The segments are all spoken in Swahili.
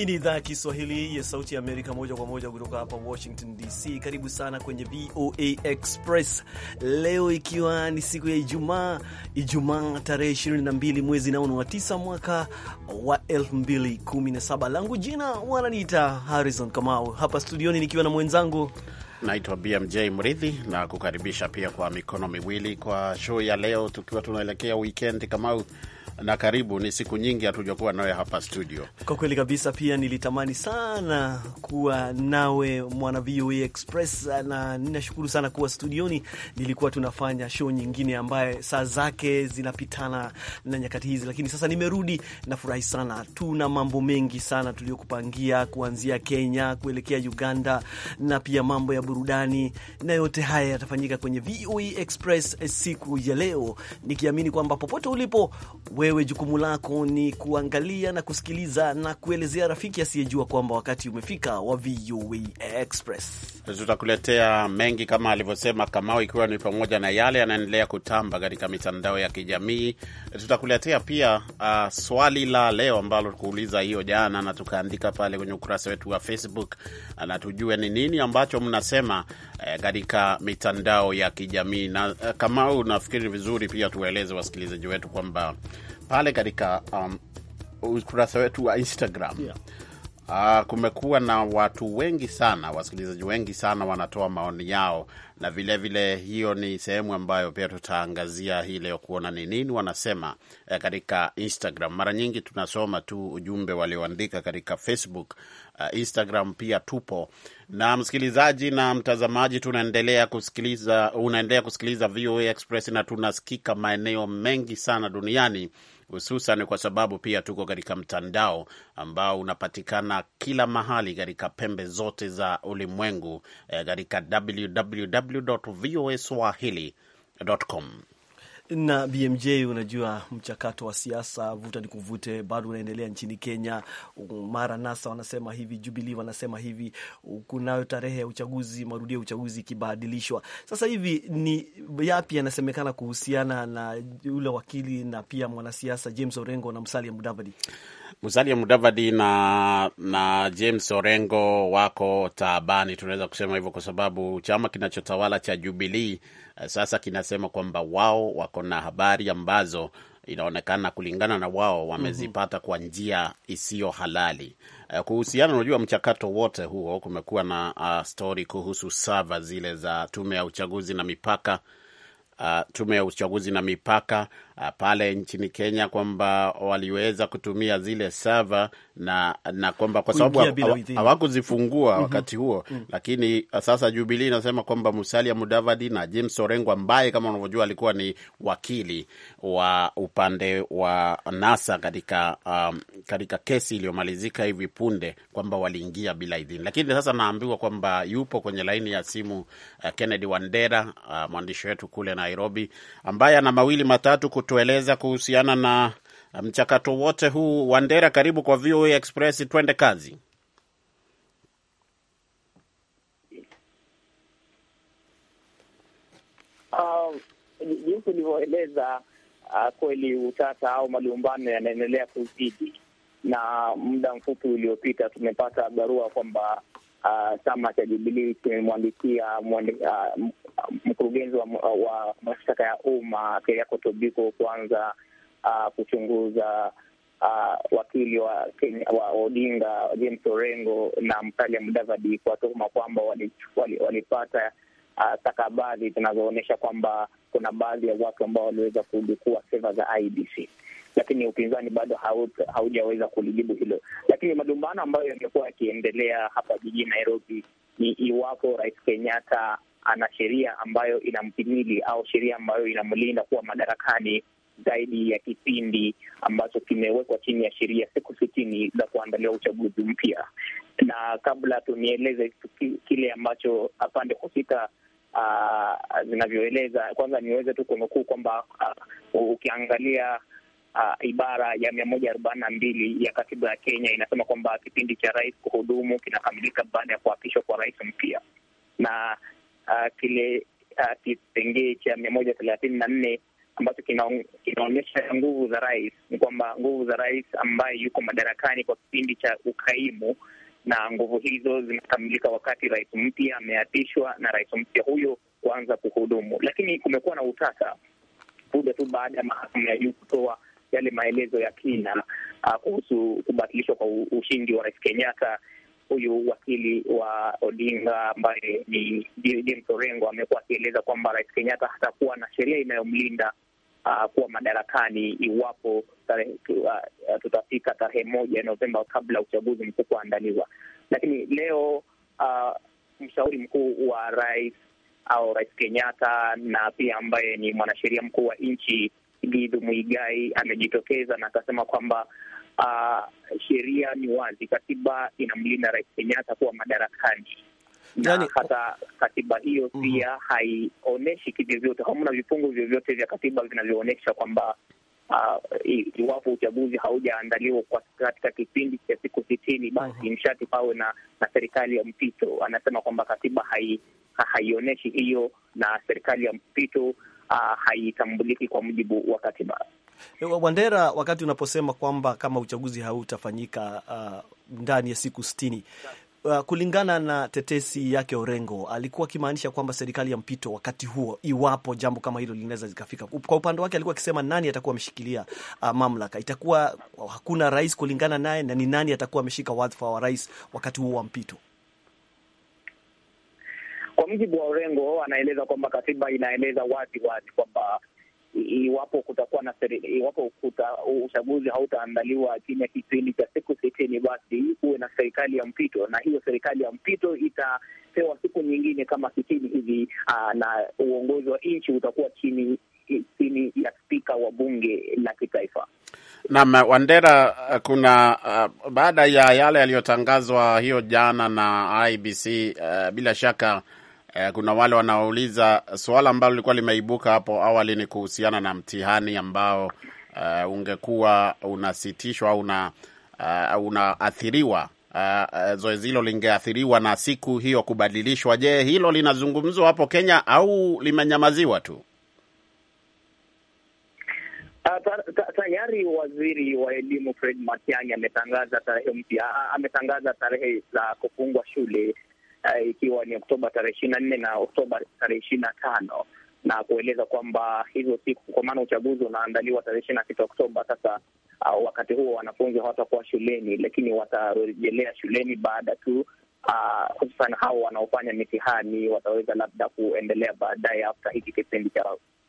Hii ni idhaa ya Kiswahili ya Sauti ya Amerika, moja kwa moja kutoka hapa Washington DC. Karibu sana kwenye VOA Express leo, ikiwa ni siku ya Ijumaa, Ijumaa tarehe 22 mwezi naono wa 9 mwaka wa 2017. Langu jina wananiita Harrison Kamau, hapa studioni nikiwa na mwenzangu naitwa BMJ Mridhi na kukaribisha pia kwa mikono miwili kwa show ya leo, tukiwa tunaelekea wikendi Kamau na karibu. Ni siku nyingi hatujakuwa nawe hapa studio. Kwa kweli kabisa, pia nilitamani sana kuwa nawe mwana VOA Express, na ninashukuru sana kuwa studioni. Nilikuwa tunafanya show nyingine ambaye saa zake zinapitana na nyakati hizi, lakini sasa nimerudi, nafurahi sana. Tuna mambo mengi sana tuliyokupangia, kuanzia Kenya kuelekea Uganda na pia mambo ya burudani, na yote haya yatafanyika kwenye VOA Express siku ya leo, nikiamini kwamba popote ulipo we wewe jukumu lako ni kuangalia na kusikiliza na kuelezea rafiki asiyejua kwamba wakati umefika wa VOA Express. Tutakuletea mengi kama alivyosema Kamau, ikiwa ni pamoja na yale yanaendelea kutamba katika mitandao ya kijamii. Tutakuletea pia uh, swali la leo ambalo tukuuliza hiyo jana na tukaandika pale kwenye ukurasa wetu wa Facebook na tujue ni nini ambacho mnasema Eh, katika e, mitandao ya kijamii na e, eh, u nafikiri vizuri pia tuwaeleze wasikilizaji wetu kwamba pale katika um, ukurasa wetu wa Instagram yeah. Uh, kumekuwa na watu wengi sana, wasikilizaji wengi sana wanatoa maoni yao, na vilevile vile hiyo ni sehemu ambayo pia tutaangazia hii leo kuona ni nini wanasema eh, katika Instagram. Mara nyingi tunasoma tu ujumbe walioandika katika Facebook, uh, Instagram pia tupo na msikilizaji na mtazamaji, tunaendelea kusikiliza, unaendelea kusikiliza VOA Express na tunasikika maeneo mengi sana duniani hususan kwa sababu pia tuko katika mtandao ambao unapatikana kila mahali katika pembe zote za ulimwengu eh, katika www voa swahili com na BMJ, unajua mchakato wa siasa vuta ni kuvute bado unaendelea nchini Kenya. Mara NASA wanasema hivi, Jubilee wanasema hivi, kunayo tarehe ya uchaguzi, marudio ya uchaguzi ikibadilishwa. Sasa hivi ni yapi yanasemekana kuhusiana na yule wakili na pia mwanasiasa James Orengo na Musalia Mudavadi? Musalia Mudavadi na, na James Orengo wako taabani, tunaweza kusema hivyo, kwa sababu chama kinachotawala cha Jubilee Eh, sasa kinasema kwamba wao wako na habari ambazo inaonekana kulingana na wao wamezipata mhm. kwa njia isiyo halali. Eh, kuhusiana, unajua mchakato wote huo, kumekuwa na uh, ah, stori kuhusu sava zile za tume ya uchaguzi na mipaka Uh, tume ya uchaguzi na mipaka uh, pale nchini Kenya kwamba waliweza kutumia zile sava na na kwamba kwa sababu hawakuzifungua mm -hmm. wakati huo mm -hmm. Lakini uh, sasa Jubilee inasema kwamba Musalia Mudavadi na James Orengo ambaye kama unavyojua alikuwa ni wakili wa upande wa NASA katika um, katika kesi iliyomalizika hivi punde kwamba waliingia bila idhini, lakini sasa naambiwa kwamba yupo kwenye laini ya simu uh, Kennedy Wandera uh, mwandishi wetu kule Nairobi ambaye ana mawili matatu kutueleza kuhusiana na mchakato wote huu. Wandera, karibu kwa VOA Express, twende kazi. Jinsi um, ulivyoeleza uh, kweli utata au malumbano yanaendelea kuzidi, na muda mfupi uliopita tumepata barua kwamba uh, chama cha Jubilii kimemwandikia uh, mkurugenzi wa, wa mashtaka ya umma Keriako Tobiko kuanza uh, kuchunguza uh, wakili wa Kenya, wa Odinga James Orengo na Musalia Mudavadi kwa tuhuma kwamba walipata uh, stakabadhi uh, zinazoonyesha kwamba kuna baadhi ya watu ambao waliweza kudukua seva za IBC, lakini upinzani bado haujaweza kulijibu hilo. Lakini madumbano ambayo yamekuwa yakiendelea hapa jijini Nairobi ni iwapo Rais Kenyatta ana sheria ambayo inamtimili au sheria ambayo inamlinda kuwa madarakani zaidi ya kipindi ambacho kimewekwa chini ya sheria, siku sitini za kuandaliwa uchaguzi mpya. Na kabla tunieleze kile ambacho pande husika uh, zinavyoeleza, kwanza niweze tu kunukuu kwamba uh, ukiangalia Uh, ibara ya mia moja arobaini na mbili ya katiba ya Kenya inasema kwamba kipindi cha rais kuhudumu kinakamilika baada ya kuapishwa kwa rais mpya, na uh, kile uh, kipengee cha mia moja thelathini na nne ambacho kinaonyesha nguvu za rais, ni kwamba nguvu za rais ambaye yuko madarakani kwa kipindi cha ukaimu, na nguvu hizo zimekamilika wakati rais mpya ameapishwa na rais mpya huyo kuanza kuhudumu. Lakini kumekuwa na utata muda tu baada ya mahakama ya juu kutoa yale maelezo ya kina uh, kuhusu kubatilishwa kwa ushindi wa rais Kenyatta huyu wakili wa Odinga ambaye ni James Orengo amekuwa akieleza kwamba Rais Kenyatta hatakuwa na sheria inayomlinda uh, kuwa madarakani iwapo uh, tutafika tarehe moja Novemba kabla uchaguzi mkuu kuandaliwa. Lakini leo uh, mshauri mkuu wa rais au Rais Kenyatta na pia ambaye ni mwanasheria mkuu wa nchi Githu Muigai amejitokeza na akasema kwamba uh, sheria ni wazi, katiba inamlinda Rais Kenyatta kuwa madarakani na yaani, hata katiba hiyo mhm. pia mm, haionyeshi kivyote. Hamna vifungu vyovyote vya katiba vinavyoonyesha kwamba uh, iwapo uchaguzi haujaandaliwa katika kipindi cha siku sitini, basi mm -hmm, mshati pawe na, na serikali ya mpito. Anasema kwamba katiba haionyeshi hiyo, na serikali ya mpito uh, haitambuliki kwa mujibu wa katiba. Eh, Wandera, wakati unaposema kwamba kama uchaguzi hautafanyika uh, ndani ya siku sitini uh, kulingana na tetesi yake Orengo alikuwa akimaanisha kwamba serikali ya mpito wakati huo, iwapo jambo kama hilo linaweza zikafika. Kwa upande wake alikuwa akisema nani atakuwa ameshikilia uh, mamlaka, itakuwa uh, hakuna rais kulingana naye, na ni nani atakuwa ameshika wadhifa wa rais wakati huo wa mpito. Kwa mujibu wa Orengo, anaeleza kwamba katiba inaeleza wazi wazi kwamba iwapo kutakuwa na seri, iwapo kuta, uchaguzi hautaandaliwa chini ya kipindi cha siku sitini, basi huwe na serikali ya mpito, na hiyo serikali ya mpito itapewa siku nyingine kama sitini hivi, ah, na uongozi wa nchi utakuwa chini chini ya spika wa bunge la kitaifa. Naam, Wandera, kuna uh, baada ya yale yaliyotangazwa hiyo jana na IBC uh, ah, bila shaka eh, kuna wale wanaouliza suala ambalo lilikuwa limeibuka hapo awali ni kuhusiana na mtihani ambao eh, ungekuwa unasitishwa au una, uh, unaathiriwa uh, zoezi hilo lingeathiriwa na siku hiyo kubadilishwa. Je, hilo linazungumzwa hapo Kenya au limenyamaziwa tu? Ah, tayari waziri wa elimu Fred Matiang'i ametangaza tarehe mpya, ametangaza tarehe za kufungwa shule uh, ikiwa ni Oktoba tarehe ishirini na nne na Oktoba tarehe ishirini na tano na kueleza kwamba hizo siku, kwa maana uchaguzi unaandaliwa tarehe ishirini na sita Oktoba. Sasa uh, wakati huo wanafunzi hawatakuwa shuleni, lakini watarejelea shuleni baada tu ah, hususan uh, hao wanaofanya mitihani wataweza labda kuendelea baadaye afta hiki kipindi cha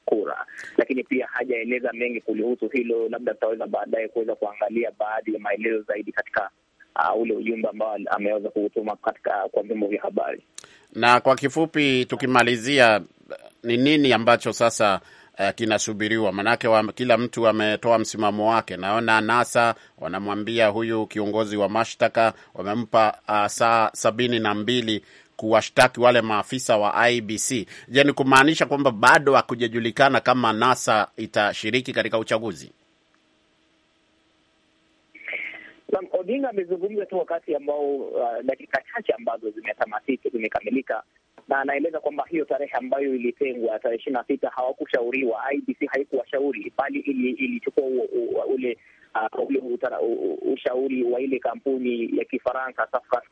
kura, lakini pia hajaeleza mengi kulihusu hilo, labda tutaweza baadaye kuweza kuangalia baadhi ya maelezo zaidi katika uh, ule ujumbe ambao ameweza kuutuma katika kwa vyombo vya habari. Na kwa kifupi tukimalizia, ni nini ambacho sasa uh, kinasubiriwa? Maanake wa, kila mtu ametoa wa msimamo wake. Naona NASA wanamwambia huyu kiongozi wa mashtaka wamempa uh, saa sabini na mbili kuwashtaki wale maafisa wa IBC. Je, ni kumaanisha kwamba bado hakujajulikana kama NASA itashiriki katika uchaguzi? Naam, Odinga amezungumza tu wakati ambao uh, dakika chache ambazo zimetamatika zimekamilika, na anaeleza kwamba hiyo tarehe ambayo ilitengwa tarehe ishirini na sita hawakushauriwa, IBC haikuwashauri bali ilichukua ili ule uh, ushauri wa ile kampuni ya Kifaransa Safran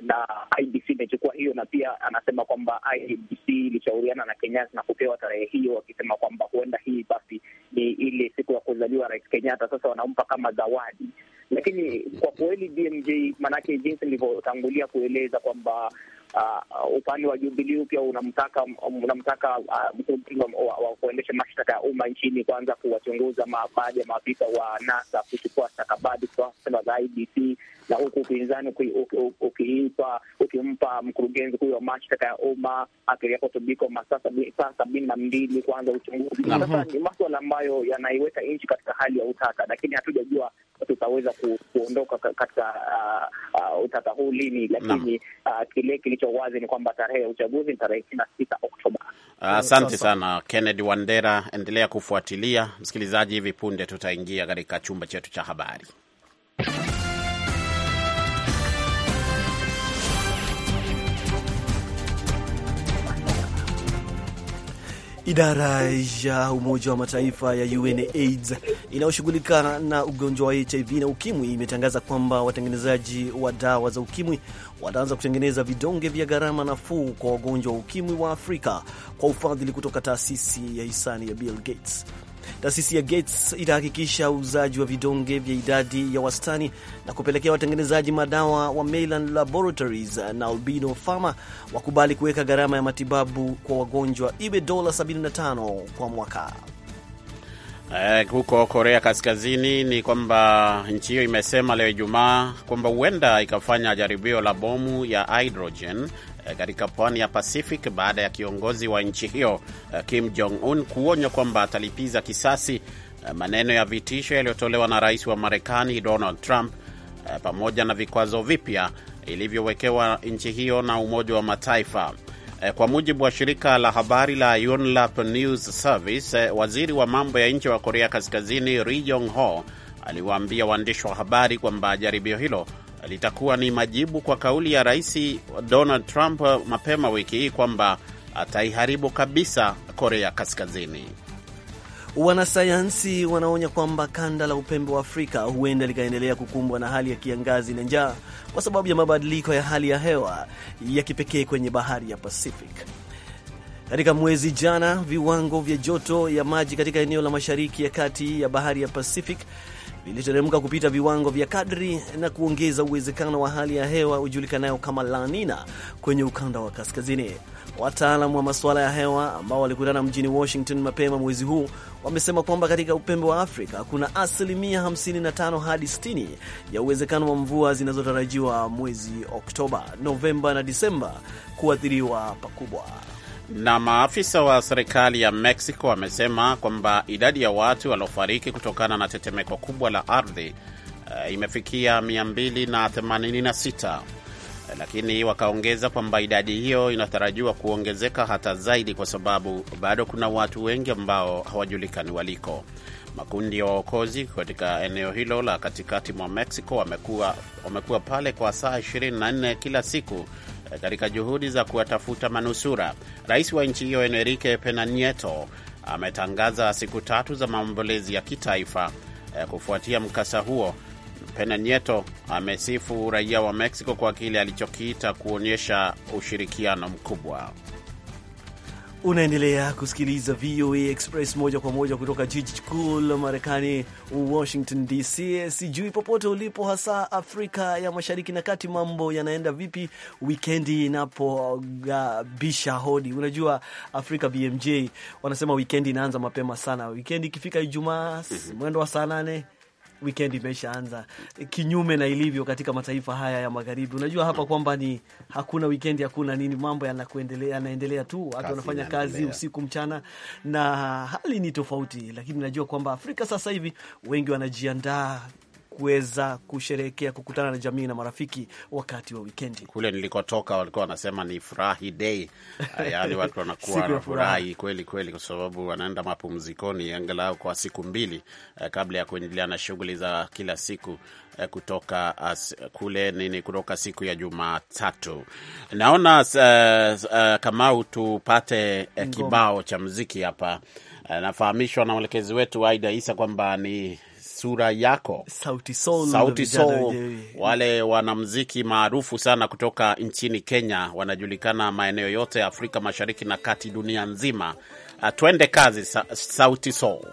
na IBC imechukua hiyo, na pia anasema kwamba IBC ilishauriana na Kenyatta na kupewa tarehe hiyo, wakisema kwamba huenda hii basi ile siku ya kuzaliwa Rais Kenyatta, sasa wanampa kama zawadi. Lakini kwa kweli BMJ, maanake jinsi nilivyotangulia kueleza kwamba Uh, upande wa Jubilee pia unamtaka unamtaka mkurugenzi uh, um, wa, wa kuendesha mashtaka ya umma nchini kwanza kuwachunguza baadhi ya maafisa wa NASA kuchukua stakabadhi kutoka za IBC na huku upinzani ukimpa ukimpa mkurugenzi huyo wa mashtaka ya umma akiliakotobiko masaa sabini na mbili kuanza uchunguzi. Sasa ni maswala ambayo yanaiweka nchi katika hali ya utata, lakini hatujajua tutaweza ku, kuondoka katika uh, uh, utata huu lini, lakini uh, kile kilicho wazi ni kwamba tarehe ya uchaguzi ni tarehe ishirini na sita Oktoba. Asante uh, sana Kennedy Wandera, endelea kufuatilia. Msikilizaji, hivi punde tutaingia katika chumba chetu cha habari. Idara ya Umoja wa Mataifa ya UNAIDS inayoshughulika na ugonjwa wa HIV na ukimwi imetangaza kwamba watengenezaji wa dawa za ukimwi wataanza kutengeneza vidonge vya gharama nafuu kwa wagonjwa wa ukimwi wa Afrika kwa ufadhili kutoka taasisi ya hisani ya Bill Gates. Taasisi ya Gates itahakikisha uuzaji wa vidonge vya idadi ya wastani na kupelekea watengenezaji madawa wa Mylan Laboratories na Albino Pharma wakubali kuweka gharama ya matibabu kwa wagonjwa iwe dola 75 kwa mwaka. Eh, huko Korea Kaskazini ni kwamba nchi hiyo imesema leo Ijumaa kwamba huenda ikafanya jaribio la bomu ya hidrojeni Eh, katika pwani ya Pacific baada ya kiongozi wa nchi hiyo eh, Kim Jong Un kuonya kwamba atalipiza kisasi eh, maneno ya vitisho yaliyotolewa na rais wa Marekani Donald Trump pamoja na vikwazo vipya ilivyowekewa nchi hiyo na Umoja wa Mataifa. Kwa mujibu wa shirika la habari la Yonhap News Service, waziri wa mambo ya nje wa Korea Kaskazini Ri Yong Ho aliwaambia waandishi wa habari kwamba jaribio hilo litakuwa ni majibu kwa kauli ya Rais Donald Trump mapema wiki hii kwamba ataiharibu kabisa Korea Kaskazini. Wanasayansi wanaonya kwamba kanda la upembe wa Afrika huenda likaendelea kukumbwa na hali ya kiangazi na njaa kwa sababu ya mabadiliko ya hali ya hewa ya kipekee kwenye bahari ya Pacific. Katika mwezi jana, viwango vya joto ya maji katika eneo la mashariki ya kati ya bahari ya Pacific viliteremka kupita viwango vya kadri na kuongeza uwezekano wa hali ya hewa ujulikanayo kama La Nina kwenye ukanda wa kaskazini. Wataalamu wa masuala ya hewa ambao walikutana mjini Washington mapema mwezi huu wamesema kwamba katika upembe wa Afrika kuna asilimia 55 hadi 60 ya uwezekano wa mvua zinazotarajiwa mwezi Oktoba, Novemba na Disemba kuathiriwa pakubwa. Na maafisa wa serikali ya Mexico wamesema kwamba idadi ya watu waliofariki kutokana na tetemeko kubwa la ardhi uh, imefikia 286 lakini wakaongeza kwamba idadi hiyo inatarajiwa kuongezeka hata zaidi, kwa sababu bado kuna watu wengi ambao hawajulikani waliko. Makundi ya wa waokozi katika eneo hilo la katikati mwa Mexico wamekuwa pale kwa saa 24 kila siku katika juhudi za kuwatafuta manusura. Rais wa nchi hiyo Enrique Pena Nieto ametangaza siku tatu za maombolezi ya kitaifa eh, kufuatia mkasa huo. Pena Nieto amesifu raia wa Mexico kwa kile alichokiita kuonyesha ushirikiano mkubwa. Unaendelea kusikiliza VOA Express moja kwa moja kutoka jiji kuu la Marekani, Washington DC. Sijui popote ulipo, hasa Afrika ya mashariki na kati, mambo yanaenda vipi? Wikendi inapogabisha hodi. Unajua Afrika BMJ wanasema wikendi inaanza mapema sana. Wikendi ikifika Ijumaa mwendo wa saa nane wikendi imeshaanza kinyume na ilivyo katika mataifa haya ya magharibi. Unajua hapa kwamba ni hakuna wikendi, hakuna nini, mambo yanakuendelea, yanaendelea tu, watu wanafanya kazi usiku mchana, na hali ni tofauti. Lakini najua kwamba Afrika sasa hivi wengi wanajiandaa kuweza kusherehekea kukutana na jamii na marafiki wakati wa wikendi. Kule nilikotoka walikuwa wanasema ni furahi day, ah, yaani watu wanakuwa furahi kweli kweli, kwa sababu wanaenda mapumzikoni angalau kwa siku mbili eh, kabla ya kuendelea na shughuli za kila siku eh, kutoka as, ah, kule nini, kutoka siku ya Jumatatu. Naona uh, uh, Kamau, tupate uh, kibao cha mziki hapa. Uh, nafahamishwa na mwelekezi wetu Aida Isa kwamba ni sura yako, Sauti Sol, Sauti Sol, wale wanamziki maarufu sana kutoka nchini Kenya, wanajulikana maeneo yote ya Afrika Mashariki na Kati, dunia nzima. Ah, twende kazi, Sauti Sol.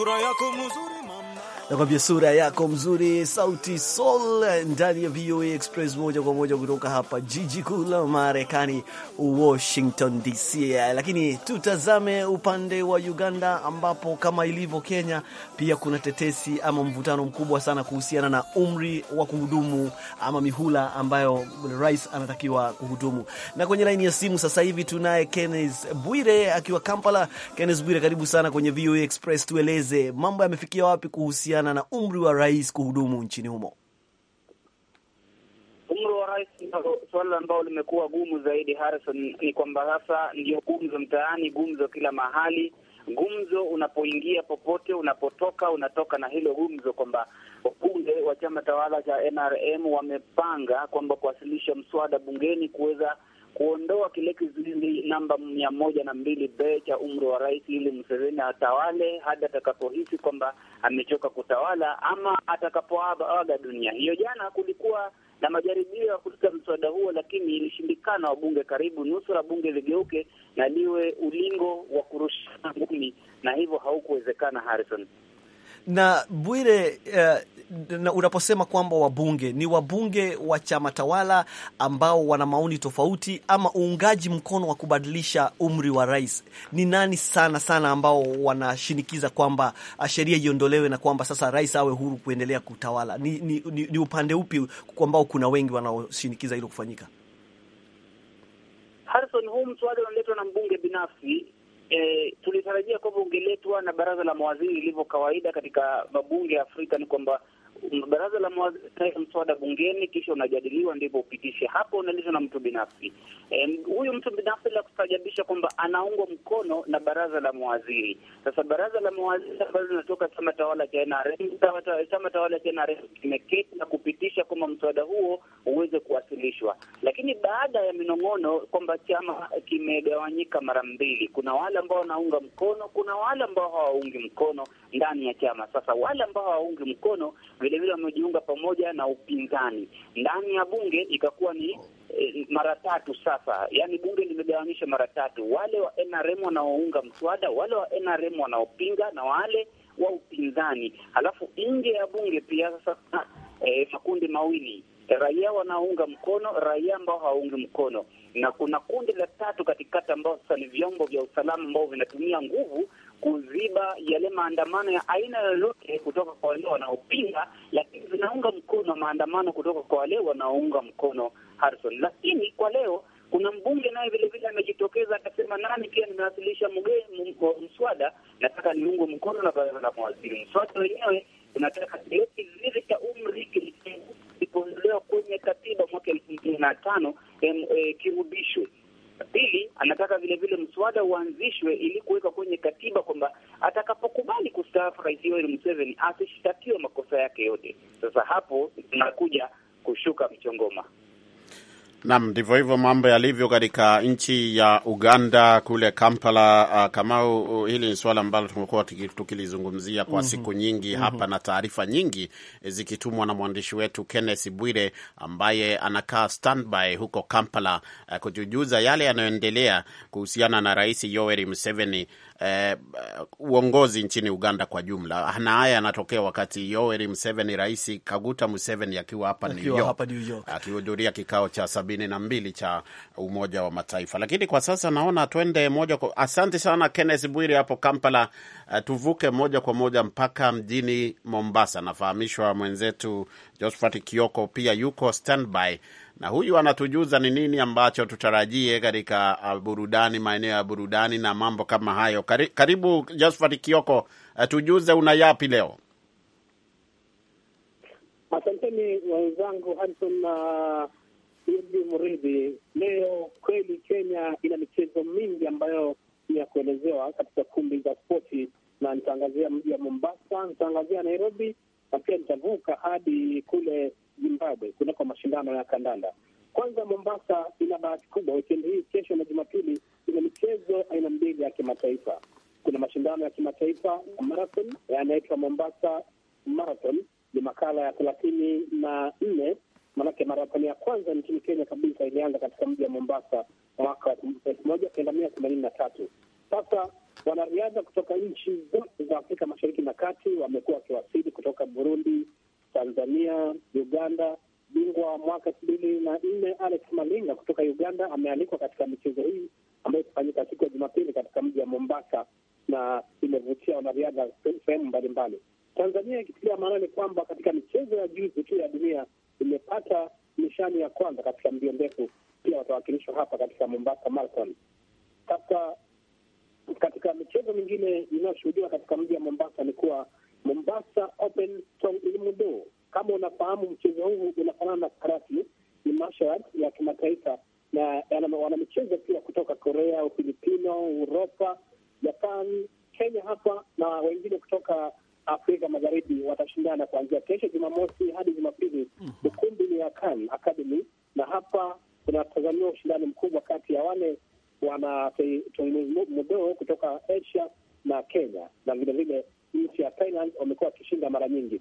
Suraya kumuzu nakwambia sura yako mzuri, sauti soul ndani ya VOA Express, moja kwa moja kutoka hapa jiji kuu la Marekani, Washington DC. Lakini tutazame upande wa Uganda, ambapo kama ilivyo Kenya pia kuna tetesi ama mvutano mkubwa sana kuhusiana na umri wa kuhudumu ama mihula ambayo rais anatakiwa kuhudumu. Na kwenye laini ya simu sasa hivi tunaye Kenneth Bwire akiwa Kampala. Kenneth Bwire, karibu sana kwenye VOA Express, tueleze mambo yamefikia wapi kuhusiana kuhusiana na umri wa rais kuhudumu nchini humo? Umri wa rais suala ambalo limekuwa gumu zaidi, Harrison. Ni kwamba sasa ndio gumzo mtaani, gumzo kila mahali, gumzo unapoingia popote, unapotoka unatoka na hilo gumzo, kwamba wabunge wa chama tawala cha NRM wamepanga kwamba kuwasilisha mswada bungeni kuweza kuondoa kile kizuizi namba mia moja na mbili b cha umri wa rais ili Museveni atawale hadi atakapohisi kwamba amechoka kutawala ama atakapoaga dunia. Hiyo jana kulikuwa na majaribio ya kuleta mswada huo, lakini ilishindikana. Wabunge karibu nusu la bunge ligeuke na liwe ulingo wa kurushana ngumi, na hivyo haukuwezekana, Harrison. Na Bwire, uh, na unaposema kwamba wabunge ni wabunge wa chama tawala ambao wana maoni tofauti ama uungaji mkono wa kubadilisha umri wa rais, ni nani sana sana ambao wanashinikiza kwamba ah, sheria iondolewe na kwamba sasa rais awe huru kuendelea kutawala? Ni, ni, ni, ni upande upi ambao kuna wengi wanaoshinikiza hilo kufanyika? Harrison, huu mswada unaletwa na mbunge binafsi E, tulitarajia kwamba ungeletwa na baraza la mawaziri ilivyo kawaida katika mabunge ya Afrika, ni kwamba baraza la mawaziri mswada bungeni, kisha unajadiliwa, ndipo upitishe. Hapo unaelezwa na mtu binafsi. Huyu mtu binafsi, la kustajabisha kwamba anaungwa mkono na baraza la mawaziri. Sasa baraza la mawaziri ambazo zinatoka chama tawala cha NRM, chama tawala cha NRM kimeketi na kupitisha kwamba mswada huo uweze kuwasilishwa, lakini baada ya minong'ono kwamba chama kimegawanyika mara mbili, kuna wale ambao wanaunga mkono, kuna wale ambao hawaungi mkono ndani ya chama. Sasa wale ambao hawaungi mkono vilevile wamejiunga pamoja na upinzani ndani ya bunge, ikakuwa ni e, mara tatu sasa. Yaani bunge limegawanyisha mara tatu, wale wa NRM wanaounga mswada, wale wa NRM wanaopinga na wale wa upinzani. alafu nje ya bunge pia sasa e, makundi mawili raia wanaounga mkono, raia ambao hawaungi mkono, na kuna kundi la tatu katikati ambao sasa ni vyombo vya usalama ambao vinatumia nguvu kuziba yale maandamano ya aina yoyote kutoka kwa wale wanaopinga, lakini zinaunga mkono maandamano kutoka kwa wale wanaounga mkono Harrison. Lakini kwa leo kuna mbunge naye vilevile amejitokeza akasema, nami pia nimewasilisha mswada, nataka niungwe mkono na baraza la mawaziri. Mswada wenyewe unataka kileo kizuizi cha umri kilikuondolewa kwenye katiba mwaka elfu mbili na tano eh, kirudishwe Pili, anataka vilevile mswada uanzishwe ili kuweka kwenye katiba kwamba atakapokubali kustaafu Rais Yoweri Museveni asishtakiwe makosa yake yote. Sasa hapo tunakuja kushuka mchongoma. Nam, ndivyo hivyo mambo yalivyo katika nchi ya Uganda kule Kampala. Ah, uh, Kamau, hili ni suala ambalo tumekuwa tukilizungumzia kwa mm -hmm. siku nyingi mhm. hapa mm -hmm. na taarifa nyingi eh, zikitumwa na mwandishi wetu Kenneth Bwire ambaye anakaa standby huko Kampala, uh, eh, kutujuza yale yanayoendelea kuhusiana na Rais Yoweri Museveni eh, uongozi nchini Uganda kwa jumla. Na haya yanatokea wakati Yoweri Museveni, Rais Kaguta Museveni akiwa hapa New York akihudhuria kikao cha sabini na mbili cha Umoja wa Mataifa. Lakini kwa sasa naona twende moja kwa... asante sana Kenneth Bwiri hapo Kampala. Uh, tuvuke moja kwa moja mpaka mjini Mombasa. Nafahamishwa mwenzetu Josphat Kioko pia yuko standby na huyu anatujuza ni nini ambacho tutarajie katika burudani, maeneo ya burudani na mambo kama hayo. Karibu Josphat Kioko, eh, tujuze una yapi leo? Asanteni wenzangu Harison na Idi mridhi Leo kweli Kenya ina michezo mingi ambayo ni ya kuelezewa katika kumbi za spoti, na nitaangazia mji wa Mombasa, nitaangazia Nairobi na pia nitavuka hadi kule Zimbabwe kunako mashindano ya kandanda. Kwanza, Mombasa ina bahati kubwa, wikendi hii, kesho na Jumapili, ina michezo aina mbili ya kimataifa. Kuna mashindano ya kimataifa ya marathon yanaitwa Mombasa Marathon, ni makala ya thelathini na nne maanake marathon ya kwanza nchini Kenya kabisa ilianza katika mji wa Mombasa mwaka elfu moja kenda mia themanini na tatu. Sasa wanariadha kutoka nchi zote za Afrika Mashariki na Kati wamekuwa wakiwasili kutoka Burundi, Tanzania, Uganda. Bingwa mwaka elfu mbili na nne Alex Malinga kutoka Uganda amealikwa katika michezo hii ambayo itafanyika siku ya Jumapili katika mji wa Mombasa na imevutia wanariadha sehemu mbalimbali. Tanzania ikitilia ni kwamba katika michezo ya juzi tu ya dunia imepata nishani ya kwanza katika mbio ndefu, pia watawakilishwa hapa katika Mombasa Marathon. Sasa katika michezo mingine inayoshuhudiwa katika mji wa Mombasa ni kuwa Mombasa Open Song Ilmudo. Kama unafahamu mchezo huu unafanana na karate, ni mashara ya kimataifa, na wanamichezo pia kutoka Korea, Ufilipino, Uropa, Japan, Kenya hapa na wengine kutoka Afrika Magharibi watashindana kuanzia kesho Jumamosi hadi Jumapili. Mhm. Ukumbi ni ya Khan Academy, na hapa kunatazamiwa ushindani mkubwa kati ya wale wana mudo kutoka Asia na Kenya na vilevile nchi ya Thailand wamekuwa wakishinda mara nyingi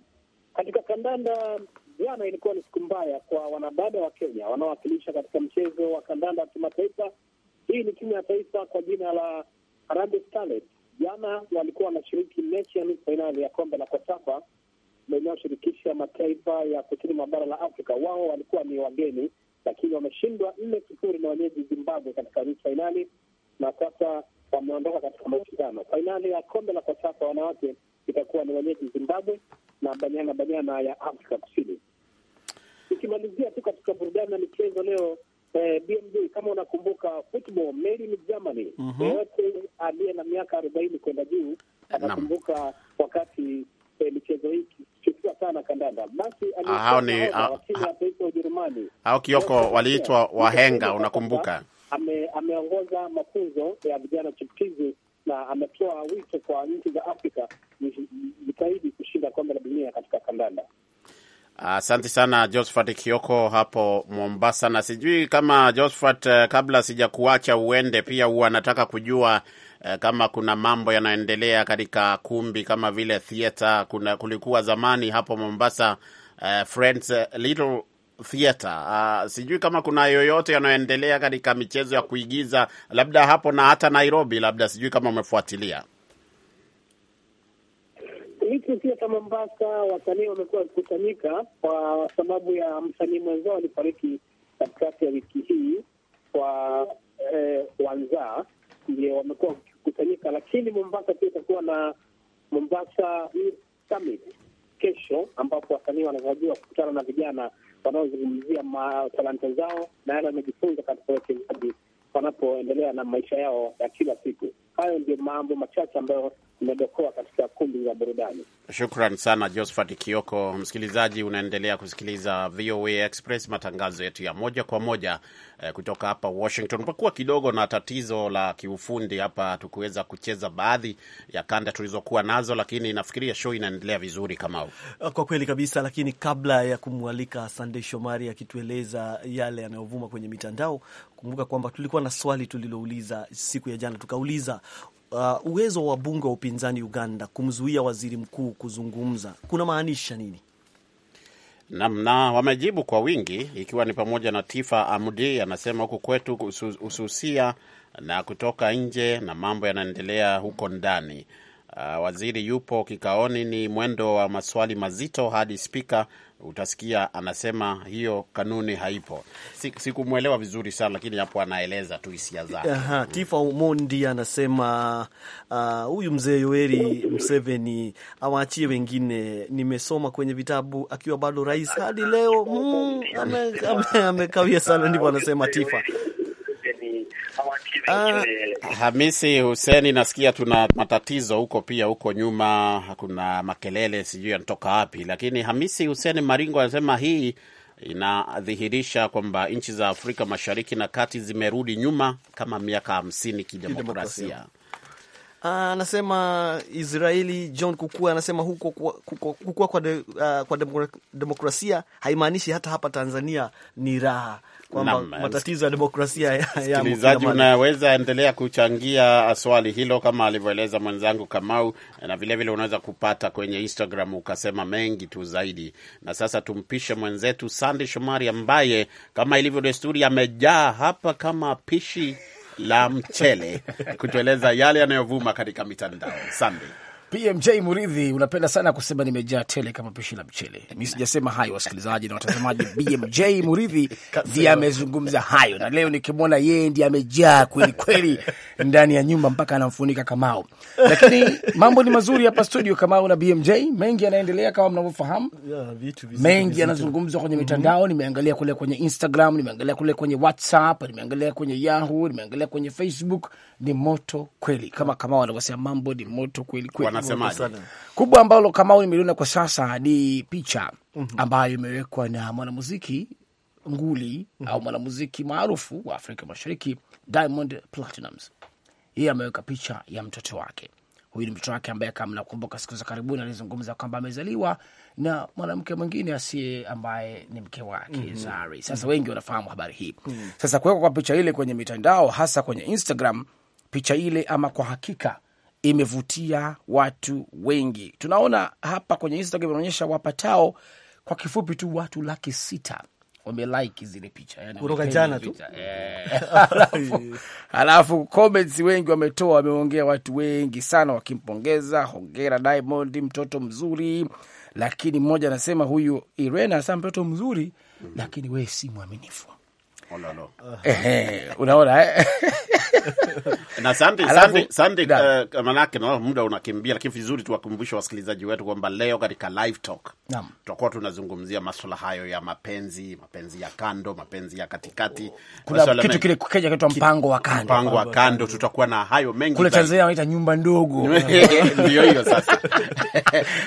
katika kandanda. Jana ilikuwa ni siku mbaya kwa wanadada wa Kenya wanaowakilisha katika mchezo wa kandanda wa kimataifa. Hii ni timu ya taifa kwa jina la Harambee Starlets. Jana walikuwa wanashiriki mechi ya nusu fainali ya kombe la kwasafa inayoshirikisha mataifa ya kusini mwa bara la Afrika. Wao walikuwa ni wageni, lakini wameshindwa nne sifuri na wenyeji Zimbabwe katika nusu fainali, na sasa wameondoka katika mashindano. Fainali ya kombe la kasafa wanawake itakuwa ni wenyeji Zimbabwe na Banyana Banyana ya Afrika Kusini. Ikimalizia tu katika burudani na michezo leo eh, BMJ kama unakumbuka football made ni Germany, yeyote mm -hmm. aliye na miaka arobaini kwenda juu atakumbuka wakati eh, michezo hii sana kandanda basi ah, ah, taifa Ujerumani au Kioko waliitwa wahenga, unakumbuka ame, ameongoza mafunzo ya vijana chipukizi na ametoa wito kwa nchi za Afrika jitahidi kushinda kombe la dunia katika kandanda. Asante uh, sana Josphat Kioko hapo Mombasa. Na sijui kama Josphat, uh, eh, kabla sijakuacha uende, pia huwa nataka kujua uh, kama kuna mambo yanaendelea katika kumbi kama vile theatre. Kuna kulikuwa zamani hapo Mombasa uh, Friends Little theater. Uh, sijui kama kuna yoyote yanayoendelea katika michezo ya kuigiza labda hapo na hata Nairobi, labda sijui kama umefuatilia hiki kama Mombasa. Wasanii wamekuwa wakikusanyika kwa sababu ya msanii mwenzao alifariki katikati ya wiki hii kwa eh, wanzaa ndio wamekuwa wakikusanyika, lakini Mombasa pia itakuwa na Mombasa Summit kesho ambapo wasanii wanatarajiwa kukutana na vijana wanaozungumzia talanta zao na yale wamejifunza katika uwekezaji wanapoendelea na maisha yao ya kila siku. Hayo ndio mambo machache ambayo imedokoa katika kumbi za burudani. Shukran sana Josephat Kioko. Msikilizaji, unaendelea kusikiliza VOA Express, matangazo yetu ya moja kwa moja eh, kutoka hapa Washington. Pakuwa kidogo na tatizo la kiufundi hapa, tukuweza kucheza baadhi ya kanda tulizokuwa nazo, lakini nafikiria show inaendelea vizuri kama huu. Kwa kweli kabisa, lakini kabla ya kumwalika Sandey Shomari akitueleza ya yale yanayovuma kwenye mitandao, kumbuka kwamba tulikuwa na swali tulilouliza siku ya jana, tukauliza uh, uwezo wa bunge wa upinzani Uganda kumzuia waziri mkuu kuzungumza kuna maanisha nini? Namna wamejibu kwa wingi, ikiwa ni pamoja na Tifa Amudi anasema huku kwetu hususia na kutoka nje na mambo yanaendelea huko ndani. Uh, waziri yupo kikaoni, ni mwendo wa maswali mazito hadi spika. Utasikia anasema hiyo kanuni haipo. Sikumwelewa vizuri sana, lakini hapo anaeleza tu hisia zake. Aha, Tifa Umondi anasema ah, huyu uh, mzee Yoweri Museveni awaachie wengine. Nimesoma kwenye vitabu akiwa bado rais hadi leo. Mm, amekawia ame sana, ndivyo anasema Tifa. Uh, Hamisi Huseni, nasikia tuna matatizo huko pia, huko nyuma kuna makelele sijui yanatoka wapi, lakini Hamisi Huseni Maringo anasema hii inadhihirisha kwamba nchi za Afrika Mashariki na Kati zimerudi nyuma kama miaka hamsini kidemokrasia. Ah, anasema Israeli John Kukua anasema huko kukua kwa, de, uh, kwa demokrasia haimaanishi hata hapa Tanzania ni raha kwamba eh, matatizo ya demokrasia ya msikilizaji, unaweza endelea kuchangia swali hilo kama alivyoeleza mwenzangu Kamau, eh, na vilevile unaweza kupata kwenye Instagram ukasema mengi tu zaidi. Na sasa tumpishe mwenzetu Sande Shomari ambaye kama ilivyo desturi amejaa hapa kama pishi la mchele kutueleza yale yanayovuma katika mitandao. Sande. PMJ Muridhi, unapenda sana kusema nimejaa tele kama pishi la mchele. Mi sijasema hayo, wasikilizaji na watazamaji. BMJ Muridhi ndiye amezungumza hayo, na leo nikimwona yeye ndiye amejaa kwelikweli ndani ya nyumba mpaka anamfunika Kamao. Lakini mambo ni mazuri hapa studio, Kamao na BMJ, mengi yanaendelea kama mnavyofahamu, mengi yanazungumzwa kwenye mhm. mitandao. Nimeangalia kule kwenye Instagram, nimeangalia kule kwenye WhatsApp, nimeangalia kwenye Yahoo, nimeangalia kwenye Facebook. Ni moto kweli, kama Kamao anavyosema, mambo ni moto kweli kweli. Kubwa ambalo Kamau nimeliona kwa sasa ni picha mhm. ambayo imewekwa na mwanamuziki nguli mm -hmm. au mhm. mwanamuziki maarufu wa Afrika Mashariki Diamond Platinums. Yeye ameweka picha ya mtoto wake. Huyu ni mtoto wake ambaye, kama nakumbuka, siku za karibuni alizungumza kwamba amezaliwa na mwanamke mwingine asiye ambaye ni mke wake mm -hmm. Zari. Mhm. Sasa mm -hmm. wengi wanafahamu habari hii mm -hmm. Sasa kuwekwa kwa picha ile kwenye mitandao, hasa kwenye Instagram, picha ile ama kwa hakika imevutia watu wengi. Tunaona hapa kwenye Instagram inaonyesha wapatao, kwa kifupi tu, watu laki sita wamelike zile picha kutoka jana tu. Eh. alafu comments wengi wametoa, wameongea watu wengi sana wakimpongeza, hongera Diamond, mtoto mzuri. Lakini mmoja anasema huyu Irena asa mtoto mzuri, mm. lakini wewe si mwaminifu. Oh, unaona eh? na Sandi, Sandi, Sandi, uh, manake naona muda unakimbia, lakini vizuri tuwakumbushe wasikilizaji wetu kwamba leo katika live talk tutakuwa tunazungumzia masuala hayo ya mapenzi, mapenzi ya kando, mapenzi ya katikati. Kuna kitu kile Kenya kinaitwa mpango wa kando, mpango wa kando. Tutakuwa na hayo mengi. Kule Tanzania wanaita nyumba ndogo, ndio hiyo sasa.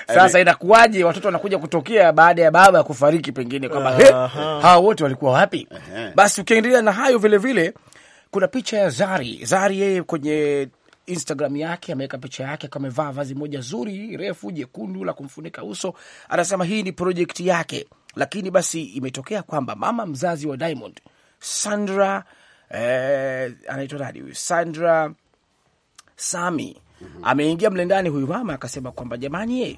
Sasa inakuwaje, watoto wanakuja kutokea baada ya baba kufariki, pengine kwamba uh -huh. hawa wote walikuwa wapi? uh -huh. Basi ukiendelea na hayo vile vile kuna picha ya Zari. Zari yeye kwenye Instagram yake ameweka picha yake akiwa amevaa vazi moja zuri refu jekundu la kumfunika uso. Anasema hii ni projekti yake, lakini basi imetokea kwamba mama mzazi wa Diamond Sandra eh, anaitwa nani huyu Sandra Sami mhm. ameingia mlendani huyu mama akasema kwamba jamani, eh,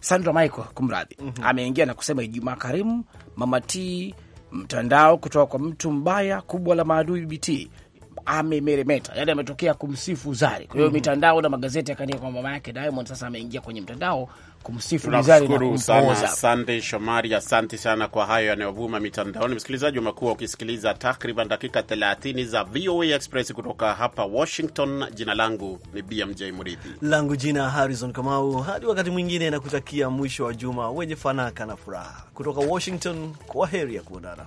Sandra Michael kumradhi, mm -hmm. ameingia na kusema Ijumaa karimu mama T mtandao kutoka kwa mtu mbaya kubwa la maadui BT amemeremeta, yani ametokea kumsifu Zari. Kwa hiyo mm -hmm. mitandao na magazeti yakania kwa mama yake Diamond sasa ameingia kwenye mtandao kumsifu Zari na kumpoza. Asante Shomari, asante sana kwa hayo yanayovuma mitandaoni. Msikilizaji, umekuwa ukisikiliza takriban dakika 30 za VOA Express kutoka hapa Washington. Jina langu ni BMJ Mridhi, langu jina Harrison Kamau. Hadi wakati mwingine, nakutakia mwisho wa juma wenye fanaka na furaha kutoka Washington. Kwa heri ya kuonana.